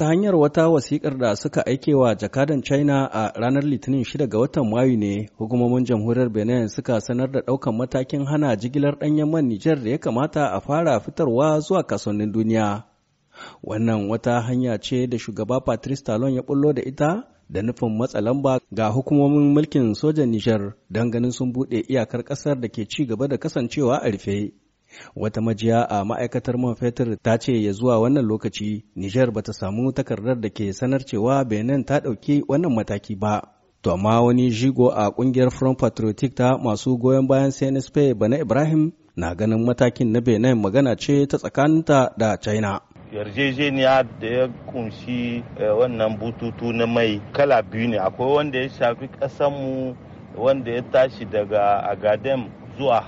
ta hanyar wata wasikar da suka aike wa jakadan China a ranar Litinin 6 ga watan Mayu ne, hukumomin jamhuriyar Benin suka sanar da ɗaukan matakin hana jigilar ɗanyen man Nijar da ya kamata a fara fitarwa zuwa kasuwannin duniya. Wannan wata hanya ce da shugaba Patrice Talon ya bullo da ita da nufin matsa lamba ga hukumomin mulkin sojan Nijar don ganin sun buɗe iyakar ƙasar da ke ci gaba da kasancewa a rufe. Wata majiya a ma'aikatar man fetur ta ce ya zuwa wannan lokaci Nijar bata samu takardar da ke sanar cewa Benin ta ɗauki wannan mataki ba. To amma wani jigo a kungiyar Front Patriotic ta masu goyon bayan CNSP Bana Ibrahim na ganin matakin na Benin magana ce ta tsakaninta da China. yarjejeniya da ya kunshi eh, wannan bututu na mai kala biyu ne akwai wanda ya shafi kasanmu wanda ya tashi daga agadem zuwa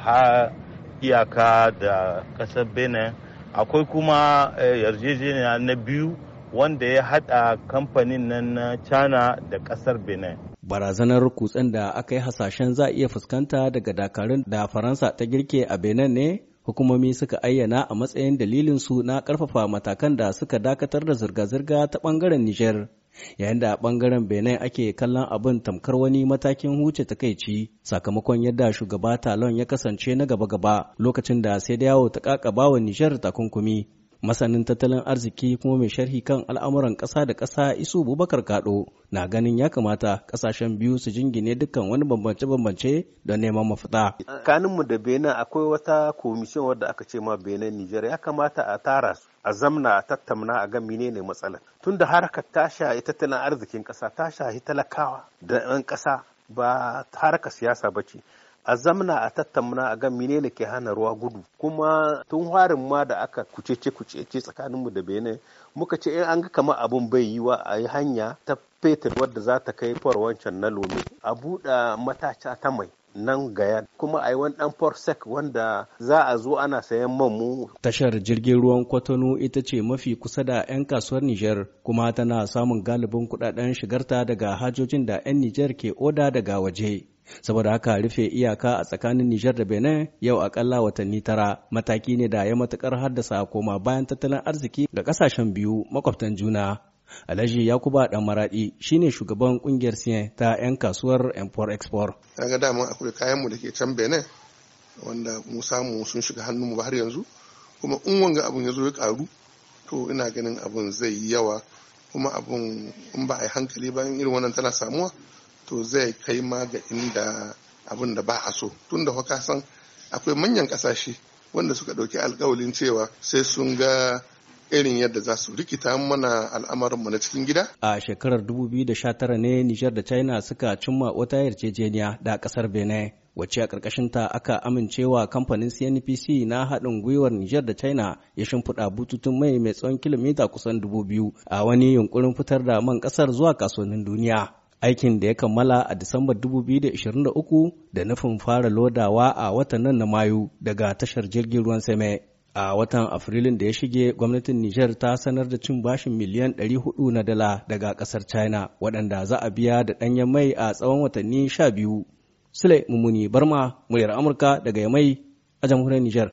iyaka da kasar benin akwai kuma eh, yarjejeniya na biyu wanda ya hada kamfanin nan na china da kasar benin barazanar kutsen da aka yi hasashen za iya fuskanta daga dakarun da faransa ta girke a benin ne hukumomi suka ayyana a matsayin dalilinsu na karfafa matakan da suka dakatar da zirga-zirga ta bangaren niger yayin da a ɓangaren benin ake kallon abin tamkar wani matakin huce ta takaici sakamakon yadda shugaba talon ya kasance na gaba-gaba lokacin da sai da yawo ta kakaba wa nishar takunkumi masanin tattalin arziki kuma mai sharhi kan al'amuran kasa da kasa isu bubakar kaɗo na ganin ya kamata ƙasashen biyu su jingine dukkan wani bambance-bambance don neman mafita. kaninmu da benin akwai wata komishin wadda aka ce ma benin nijar ya kamata a tara su a zamna a tattauna a gan menene matsalar tunda harkar ta shahi tattalin arzikin ƙasa ta shahi talakawa da 'yan ƙasa ba harkar siyasa ba ce a zamna a tattauna a gan menene ke hana ruwa gudu kuma tun harin ma da aka kucece kucece tsakaninmu da benin muka ce in an ga kama abun bai yi wa a yi hanya ta fetur wadda za ta kai for wancan na lome a buɗe matacha ta mai nan gaya kuma a yi wani dan sec wanda za a zo ana sayan man mu. Tashar jirgin ruwan Kwatano ita ce mafi kusa da 'yan kasuwar Nijar kuma tana samun galibin kudaden shigarta daga hajojin da 'yan Nijar ke oda daga waje. saboda haka rufe iyaka a tsakanin Nijar da Benin yau akalla watanni tara mataki ne da ya matukar haddasa koma bayan tattalin arziki ga kasashen biyu makwabtan juna. Alhaji Yakuba Dan Maradi shine shugaban kungiyar Siyen ta 'yan kasuwar Empor Export. ga dama akwai kayan mu da ke can Benin wanda mu samu sun shiga hannun mu har yanzu kuma in wanga abun ya zo ya karu to ina ganin abun zai yi yawa kuma abun in ba a yi hankali bayan irin wannan tana samuwa to zai kai ma ga inda abin da ba a so tun da ka san akwai manyan kasashe wanda suka ɗauki alkawalin cewa sai sun ga irin yadda za su rikita mana al'amarinmu na cikin gida. A shekarar 2019 ne Nijar da China suka cimma wata yarjejeniya da ƙasar Benin. wacce a ta aka amincewa kamfanin CNPC na haɗin gwiwar Nijar da China ya shimfiɗa bututun mai mai tsawon kilomita kusan dubu a wani yunkurin fitar da man ƙasar zuwa kasuwannin duniya. aikin da ya kammala a Disambar 2023 da nufin fara lodawa a watan nan na Mayu daga tashar jirgin ruwan Seme. A watan Afrilun da ya shige, gwamnatin Nijar ta sanar da cin bashin miliyan 400 na dala daga ƙasar China, waɗanda za a biya da ɗanyen mai a tsawon watanni 12. Sule Mumuni Barma, muryar Amurka daga Yamai a jamhuriyar Nijar.